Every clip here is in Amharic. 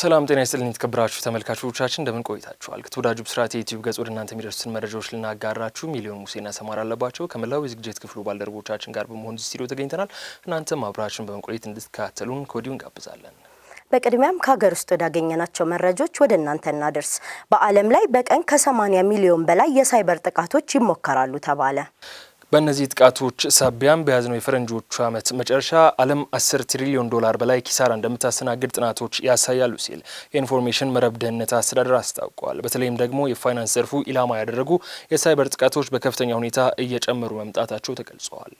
ሰላም ጤና ይስጥልኝ የተከበራችሁ ተመልካቾቻችን እንደምን ቆይታችኋል? ከተወዳጁ ብስራት የዩቲዩብ ገጽ ወደ እናንተ የሚደርሱትን መረጃዎች ልናጋራችሁ ሚሊዮን ሙሴና ሰማር አለባቸው ከመላው የዝግጅት ክፍሉ ባልደረቦቻችን ጋር በመሆን ስቱዲዮ ተገኝተናል። እናንተም አብራችን በመቆየት እንድትከታተሉን ከወዲሁ እንጋብዛለን። በቅድሚያም ከሀገር ውስጥ ወዳገኘናቸው መረጃዎች ወደ እናንተ እናደርስ። በዓለም ላይ በቀን ከ80 ሚሊዮን በላይ የሳይበር ጥቃቶች ይሞከራሉ ተባለ። በእነዚህ ጥቃቶች ሳቢያም በያዝነው የፈረንጆቹ ዓመት መጨረሻ ዓለም 10 ትሪሊዮን ዶላር በላይ ኪሳራ እንደምታስተናግድ ጥናቶች ያሳያሉ ሲል የኢንፎርሜሽን መረብ ደህንነት አስተዳደር አስታውቋል። በተለይም ደግሞ የፋይናንስ ዘርፉ ኢላማ ያደረጉ የሳይበር ጥቃቶች በከፍተኛ ሁኔታ እየጨመሩ መምጣታቸው ተገልጸዋል።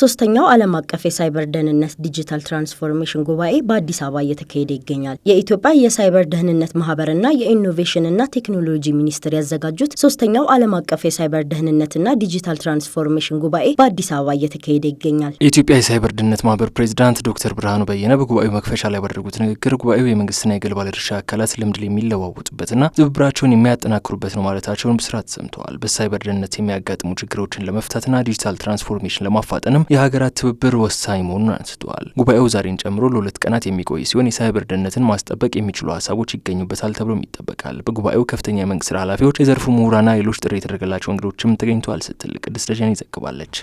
ሶስተኛው ዓለም አቀፍ የሳይበር ደህንነት ዲጂታል ትራንስፎርሜሽን ጉባኤ በአዲስ አበባ እየተካሄደ ይገኛል። የኢትዮጵያ የሳይበር ደህንነት ማህበርና የኢኖቬሽንና ቴክኖሎጂ ሚኒስቴር ያዘጋጁት ሶስተኛው ዓለም አቀፍ የሳይበር ደህንነትና ዲጂታል ትራንስፎርሜሽን ጉባኤ በአዲስ አበባ እየተካሄደ ይገኛል። የኢትዮጵያ የሳይበር ደህንነት ማህበር ፕሬዚዳንት ዶክተር ብርሃኑ በየነ በጉባኤው መክፈሻ ላይ ባደረጉት ንግግር ጉባኤው የመንግስትና የግል ባለድርሻ አካላት ልምድ የሚለዋወጡበትና ትብብራቸውን የሚያጠናክሩበት ነው ማለታቸውን ብስራት ሰምተዋል። በሳይበር ደህንነት የሚያጋጥሙ ችግሮችን ለመፍታትና ዲጂታል ትራንስፎርሜሽን ለማፋጠንም ለማስፈጸም የሀገራት ትብብር ወሳኝ መሆኑን አንስተዋል። ጉባኤው ዛሬን ጨምሮ ለሁለት ቀናት የሚቆይ ሲሆን የሳይበር ደህንነትን ማስጠበቅ የሚችሉ ሀሳቦች ይገኙበታል ተብሎም ይጠበቃል። በጉባኤው ከፍተኛ የመንግስት ስራ ኃላፊዎች፣ የዘርፉ ምሁራና ሌሎች ጥሪ የተደረገላቸው እንግዶችም ተገኝተዋል ስትል ቅድስት ደጀን ይዘግባለች።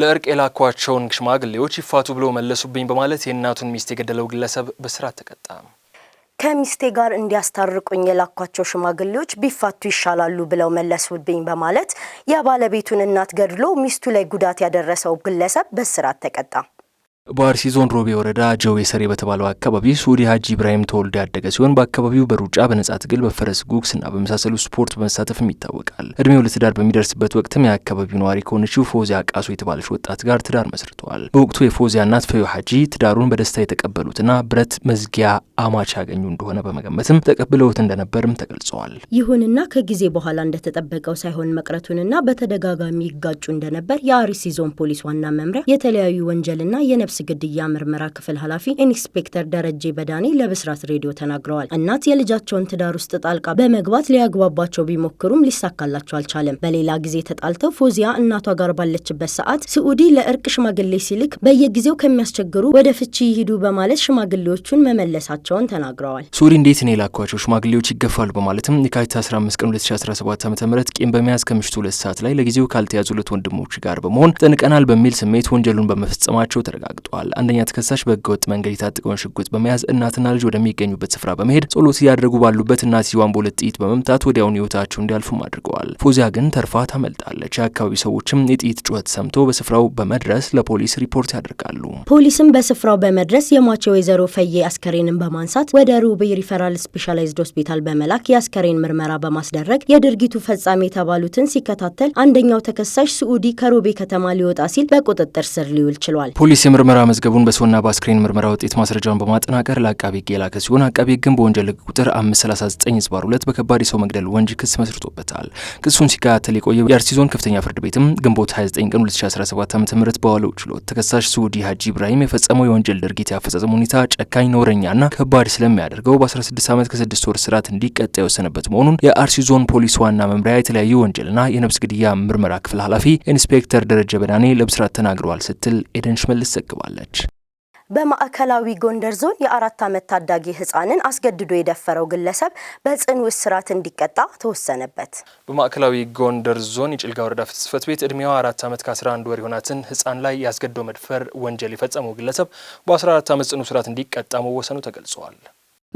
ለእርቅ የላኳቸውን ሽማግሌዎች ይፋቱ ብሎ መለሱብኝ በማለት የእናቱን ሚስት የገደለው ግለሰብ በስራት ተቀጣ። ከሚስቴ ጋር እንዲያስታርቁኝ የላኳቸው ሽማግሌዎች ቢፋቱ ይሻላሉ ብለው መለሱብኝ በማለት የባለቤቱን እናት ገድሎ ሚስቱ ላይ ጉዳት ያደረሰው ግለሰብ በእስራት ተቀጣ። በአርሲ ዞን ሮቤ ወረዳ ጀዌ ሰሬ በተባለው አካባቢ ሱዲ ሀጂ ኢብራሂም ተወልዶ ያደገ ሲሆን በአካባቢው በሩጫ በነጻ ትግል በፈረስ ጉግስና በመሳሰሉ ስፖርት በመሳተፍም ይታወቃል። እድሜው ለትዳር በሚደርስበት ወቅትም የአካባቢው ነዋሪ ከሆነችው ፎዚያ ቃሶ የተባለች ወጣት ጋር ትዳር መስርተዋል። በወቅቱ የፎዚያ እናት ፈዮ ሀጂ ትዳሩን በደስታ የተቀበሉትና ብረት መዝጊያ አማች ያገኙ እንደሆነ በመገመትም ተቀብለውት እንደነበርም ተገልጸዋል። ይሁንና ከጊዜ በኋላ እንደተጠበቀው ሳይሆን መቅረቱንና በተደጋጋሚ ይጋጩ እንደነበር የአርሲ ዞን ፖሊስ ዋና መምሪያ የተለያዩ ወንጀልና የነብስ ግድያ ምርመራ ክፍል ኃላፊ ኢንስፔክተር ደረጀ በዳኔ ለብስራት ሬዲዮ ተናግረዋል። እናት የልጃቸውን ትዳር ውስጥ ጣልቃ በመግባት ሊያግባባቸው ቢሞክሩም ሊሳካላቸው አልቻለም። በሌላ ጊዜ ተጣልተው ፎዚያ እናቷ ጋር ባለችበት ሰዓት ስዑዲ ለእርቅ ሽማግሌ ሲልክ በየጊዜው ከሚያስቸግሩ ወደ ፍቺ ይሂዱ በማለት ሽማግሌዎቹን መመለሳቸውን ተናግረዋል። ስዑዲ እንዴት ነው የላኳቸው ሽማግሌዎች ይገፋሉ በማለትም የካቲት 15 ቀን 2017 ዓ ም ቂም በመያዝ ከምሽቱ ሁለት ሰዓት ላይ ለጊዜው ሁለት ወንድሞች ጋር በመሆን ጠንቀናል በሚል ስሜት ወንጀሉን በመፈጸማቸው ተረጋግጧል። ተረጋግጧል። አንደኛ ተከሳሽ በህገወጥ መንገድ የታጠቀውን ሽጉጥ በመያዝ እናትና ልጅ ወደሚገኙበት ስፍራ በመሄድ ጸሎት እያደረጉ ባሉበት እናትየዋን በሁለት ጥይት በመምታት ወዲያውን ህይወታቸው እንዲያልፉም አድርገዋል። ፎዚያ ግን ተርፋ ታመልጣለች። የአካባቢው ሰዎችም የጥይት ጩኸት ሰምቶ በስፍራው በመድረስ ለፖሊስ ሪፖርት ያደርጋሉ። ፖሊስም በስፍራው በመድረስ የሟቸው ወይዘሮ ፈዬ አስከሬንን በማንሳት ወደ ሩቤ ሪፈራል ስፔሻላይዝድ ሆስፒታል በመላክ የአስከሬን ምርመራ በማስደረግ የድርጊቱ ፈጻሚ የተባሉትን ሲከታተል አንደኛው ተከሳሽ ስዑዲ ከሮቤ ከተማ ሊወጣ ሲል በቁጥጥር ስር ሊውል ችሏል። ፖሊስ የምርመ የምርመራ መዝገቡን በሰውና በአስክሬን ምርመራ ውጤት ማስረጃውን በማጠናቀር ለአቃቢ ሕግ የላከ ሲሆን አቃቢ ሕግም በወንጀል ሕግ ቁጥር 539 ዝባር 2 በከባድ የሰው መግደል ወንጅ ክስ መስርቶበታል። ክሱን ሲከታተል የቆየ የአርሲ ዞን ከፍተኛ ፍርድ ቤትም ግንቦት 29 ቀን 2017 ዓ ም በዋለው ችሎት ተከሳሽ ስዑዲ ሀጂ ኢብራሂም የፈጸመው የወንጀል ድርጊት የአፈጻጸም ሁኔታ ጨካኝ፣ ነውረኛና ከባድ ስለሚያደርገው በ16 ዓመት ከስድስት ወር ስርዓት እንዲቀጣ የወሰነበት መሆኑን የአርሲ ዞን ፖሊስ ዋና መምሪያ የተለያዩ ወንጀልና የነብስ ግድያ ምርመራ ክፍል ኃላፊ ኢንስፔክተር ደረጀ በዳኔ ለብስራት ተናግረዋል ስትል ኤደን ሽመልስ ዘግባለች። ዘግባለች። በማዕከላዊ ጎንደር ዞን የአራት ዓመት ታዳጊ ህፃንን አስገድዶ የደፈረው ግለሰብ በጽኑ እስራት እንዲቀጣ ተወሰነበት። በማዕከላዊ ጎንደር ዞን የጭልጋ ወረዳ ፍትህ ጽሕፈት ቤት ዕድሜዋ አራት ዓመት ከ11 ወር የሆናትን ህፃን ላይ የአስገድዶ መድፈር ወንጀል የፈጸመው ግለሰብ በ14 ዓመት ጽኑ እስራት እንዲቀጣ መወሰኑ ተገልጸዋል።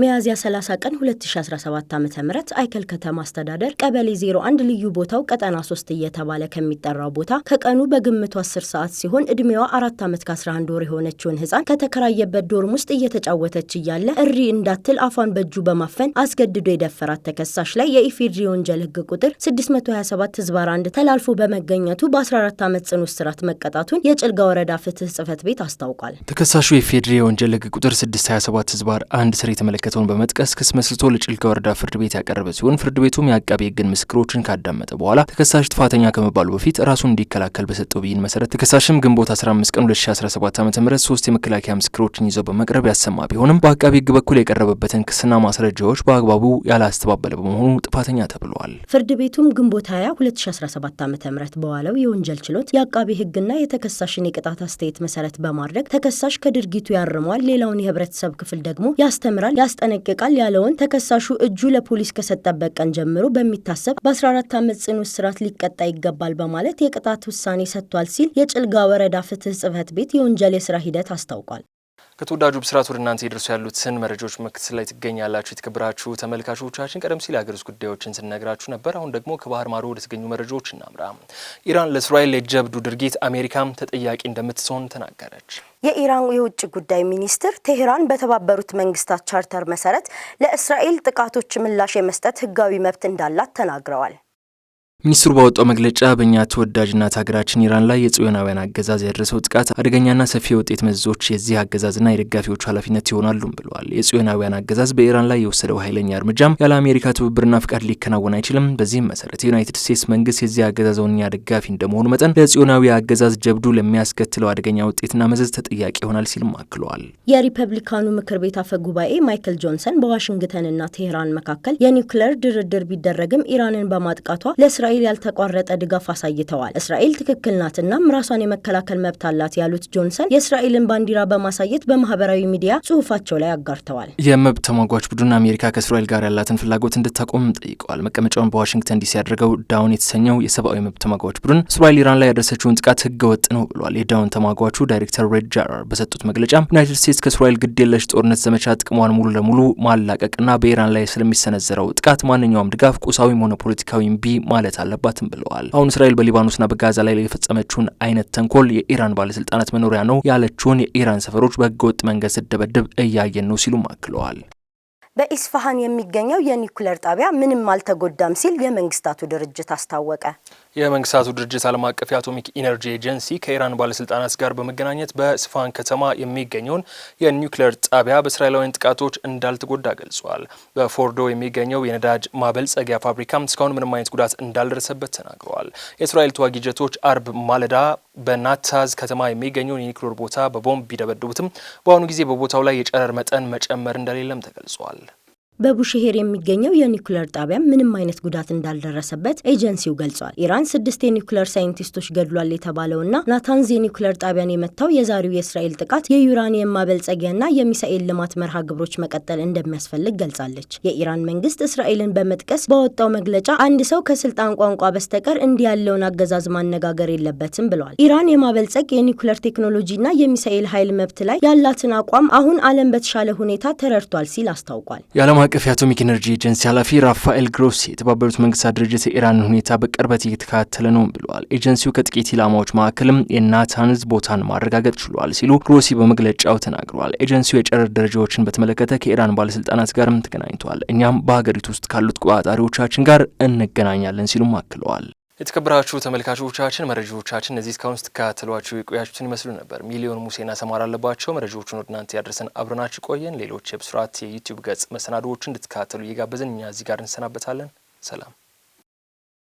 ሚያዝያ 30 ቀን 2017 ዓ ም አይከል ከተማ አስተዳደር ቀበሌ 01 ልዩ ቦታው ቀጠና 3 እየተባለ ከሚጠራው ቦታ ከቀኑ በግምቱ 10 ሰዓት ሲሆን እድሜዋ 4 ዓመት ከ11 ወር የሆነችውን ህፃን ከተከራየበት ዶርም ውስጥ እየተጫወተች እያለ እሪ እንዳትል አፏን በእጁ በማፈን አስገድዶ የደፈራት ተከሳሽ ላይ የኢፌድሪ ወንጀል ህግ ቁጥር 627 ህዝባር 1 ተላልፎ በመገኘቱ በ14 ዓመት ጽኑ እስራት መቀጣቱን የጭልጋ ወረዳ ፍትህ ጽህፈት ቤት አስታውቋል። ተከሳሹ የኢፌድሪ ወንጀል ህግ ቁጥር 627 ህዝባር 1 ስር የተመለከ የተመለከተውን በመጥቀስ ክስ መስርቶ ለጭልጋ ወረዳ ፍርድ ቤት ያቀረበ ሲሆን ፍርድ ቤቱም የአቃቤ ሕግን ምስክሮችን ካዳመጠ በኋላ ተከሳሽ ጥፋተኛ ከመባሉ በፊት ራሱን እንዲከላከል በሰጠው ብይን መሰረት ተከሳሽም ግንቦት 15 ቀን 2017 ዓ ም ሶስት የመከላከያ ምስክሮችን ይዘው በመቅረብ ያሰማ ቢሆንም በአቃቤ ሕግ በኩል የቀረበበትን ክስና ማስረጃዎች በአግባቡ ያላስተባበለ በመሆኑ ጥፋተኛ ተብለዋል። ፍርድ ቤቱም ግንቦት 20 2017 ዓ ም በዋለው የወንጀል ችሎት የአቃቤ ሕግና የተከሳሽን የቅጣት አስተያየት መሰረት በማድረግ ተከሳሽ ከድርጊቱ ያርሟል፣ ሌላውን የህብረተሰብ ክፍል ደግሞ ያስተምራል ያስጠነቅቃል ያለውን ተከሳሹ እጁ ለፖሊስ ከሰጠበት ቀን ጀምሮ በሚታሰብ በ14 ዓመት ጽኑ እስራት ሊቀጣ ይገባል በማለት የቅጣት ውሳኔ ሰጥቷል ሲል የጭልጋ ወረዳ ፍትህ ጽህፈት ቤት የወንጀል የስራ ሂደት አስታውቋል። ከተወዳጁ ብስራት ወደ እናንተ የደርሱ ያሉትን መረጃዎች መክትል ላይ ትገኛላችሁ። የተከበራችሁ ተመልካቾቻችን፣ ቀደም ሲል የሀገር ውስጥ ጉዳዮችን ስነግራችሁ ነበር። አሁን ደግሞ ከባህር ማዶ ወደ ተገኙ መረጃዎች እናምራ። ኢራን ለእስራኤል የጀብዱ ድርጊት አሜሪካም ተጠያቂ እንደምትሆን ተናገረች። የኢራን የውጭ ጉዳይ ሚኒስትር ቴህራን በተባበሩት መንግስታት ቻርተር መሰረት ለእስራኤል ጥቃቶች ምላሽ የመስጠት ህጋዊ መብት እንዳላት ተናግረዋል። ሚኒስትሩ ባወጣው መግለጫ በእኛ ተወዳጅ እናት ሀገራችን ኢራን ላይ የጽዮናውያን አገዛዝ ያደረሰው ጥቃት አደገኛና ሰፊ የውጤት መዘዞች የዚህ አገዛዝና የደጋፊዎቹ ኃላፊነት ይሆናሉም ብለዋል። የጽዮናውያን አገዛዝ በኢራን ላይ የወሰደው ኃይለኛ እርምጃም ያለ አሜሪካ ትብብርና ፍቃድ ሊከናወን አይችልም። በዚህም መሰረት የዩናይትድ ስቴትስ መንግስት የዚህ አገዛዝ ዋነኛ ደጋፊ እንደመሆኑ መጠን ለጽዮናዊ አገዛዝ ጀብዱ ለሚያስከትለው አደገኛ ውጤትና መዘዝ ተጠያቂ ይሆናል ሲልም አክለዋል። የሪፐብሊካኑ ምክር ቤት አፈ ጉባኤ ማይክል ጆንሰን በዋሽንግተንና ቴህራን መካከል የኒውክሌር ድርድር ቢደረግም ኢራንን በማጥቃቷ ለእስራኤል ለእስራኤል ያልተቋረጠ ድጋፍ አሳይተዋል። እስራኤል ትክክል ናት፣ ራሷን የመከላከል መብት አላት ያሉት ጆንሰን የእስራኤልን ባንዲራ በማሳየት በማህበራዊ ሚዲያ ጽሁፋቸው ላይ አጋርተዋል። የመብት ተሟጓች ቡድን አሜሪካ ከእስራኤል ጋር ያላትን ፍላጎት እንድታቆም ጠይቀዋል። መቀመጫውን በዋሽንግተን ዲሲ ያደረገው ዳውን የተሰኘው የሰብአዊ መብት ተሟጓች ቡድን እስራኤል ኢራን ላይ ያደረሰችውን ጥቃት ህገ ወጥ ነው ብሏል። የዳውን ተሟጓቹ ዳይሬክተር ሬድ ጃራር በሰጡት መግለጫ ዩናይትድ ስቴትስ ከእስራኤል የለሽ ጦርነት ዘመቻ ጥቅሟን ሙሉ ለሙሉ ማላቀቅና በኢራን ላይ ስለሚሰነዘረው ጥቃት ማንኛውም ድጋፍ ቁሳዊም ሆነ ፖለቲካዊ ቢ ማለት አለባትም ብለዋል። አሁን እስራኤል በሊባኖስና በጋዛ ላይ የፈጸመችውን አይነት ተንኮል የኢራን ባለስልጣናት መኖሪያ ነው ያለችውን የኢራን ሰፈሮች በህገወጥ መንገድ ስደበድብ እያየን ነው ሲሉም አክለዋል። በኢስፋሃን የሚገኘው የኒኩለር ጣቢያ ምንም አልተጎዳም ሲል የመንግስታቱ ድርጅት አስታወቀ። የመንግስታቱ ድርጅት ዓለም አቀፍ የአቶሚክ ኢነርጂ ኤጀንሲ ከኢራን ባለስልጣናት ጋር በመገናኘት በስፋን ከተማ የሚገኘውን የኒውክሌር ጣቢያ በእስራኤላውያን ጥቃቶች እንዳልተጎዳ ገልጿል። በፎርዶ የሚገኘው የነዳጅ ማበልጸጊያ ፋብሪካም እስካሁን ምንም አይነት ጉዳት እንዳልደረሰበት ተናግረዋል። የእስራኤል ተዋጊ ጀቶች አርብ ማለዳ በናታዝ ከተማ የሚገኘውን የኒውክሌር ቦታ በቦምብ ቢደበድቡትም በአሁኑ ጊዜ በቦታው ላይ የጨረር መጠን መጨመር እንደሌለም ተገልጿል። በቡሽሄር የሚገኘው የኒኩለር ጣቢያ ምንም አይነት ጉዳት እንዳልደረሰበት ኤጀንሲው ገልጿል። ኢራን ስድስት የኒኩለር ሳይንቲስቶች ገድሏል የተባለውና ናታንዝ የኒኩለር ጣቢያን የመታው የዛሬው የእስራኤል ጥቃት የዩራኒየም ማበልጸጊያና የሚሳኤል ልማት መርሃ ግብሮች መቀጠል እንደሚያስፈልግ ገልጻለች። የኢራን መንግስት እስራኤልን በመጥቀስ በወጣው መግለጫ አንድ ሰው ከስልጣን ቋንቋ በስተቀር እንዲህ ያለውን አገዛዝ ማነጋገር የለበትም ብለዋል። ኢራን የማበልጸግ የኒኩለር ቴክኖሎጂና የሚሳኤል ኃይል መብት ላይ ያላትን አቋም አሁን ዓለም በተሻለ ሁኔታ ተረድቷል ሲል አስታውቋል። አቀፍ የአቶሚክ ኤነርጂ ኤጀንሲ ኃላፊ ራፋኤል ግሮሲ የተባበሩት መንግስታት ድርጅት የኢራንን ሁኔታ በቅርበት እየተከታተለ ነው ብለዋል። ኤጀንሲው ከጥቂት ኢላማዎች መካከልም የናታንዝ ቦታን ማረጋገጥ ችሏል ሲሉ ግሮሲ በመግለጫው ተናግረዋል። ኤጀንሲው የጨረር ደረጃዎችን በተመለከተ ከኢራን ባለስልጣናት ጋርም ተገናኝተዋል። እኛም በሀገሪቱ ውስጥ ካሉት ቆጣጣሪዎቻችን ጋር እንገናኛለን ሲሉም አክለዋል። የተከበራችሁ ተመልካቾቻችን መረጃዎቻችን እነዚህ እስካሁን ስትከታተሏቸው የቆያችሁትን ይመስሉ ነበር። ሚሊዮን ሙሴና ሰማራ አለባቸው መረጃዎቹን ወደ እናንተ ያደረሰን አብረናችሁ ቆየን። ሌሎች የብስራት የዩቲዩብ ገጽ መሰናዶዎችን እንድትከታተሉ እየጋበዝን እኛ እዚህ ጋር እንሰናበታለን። ሰላም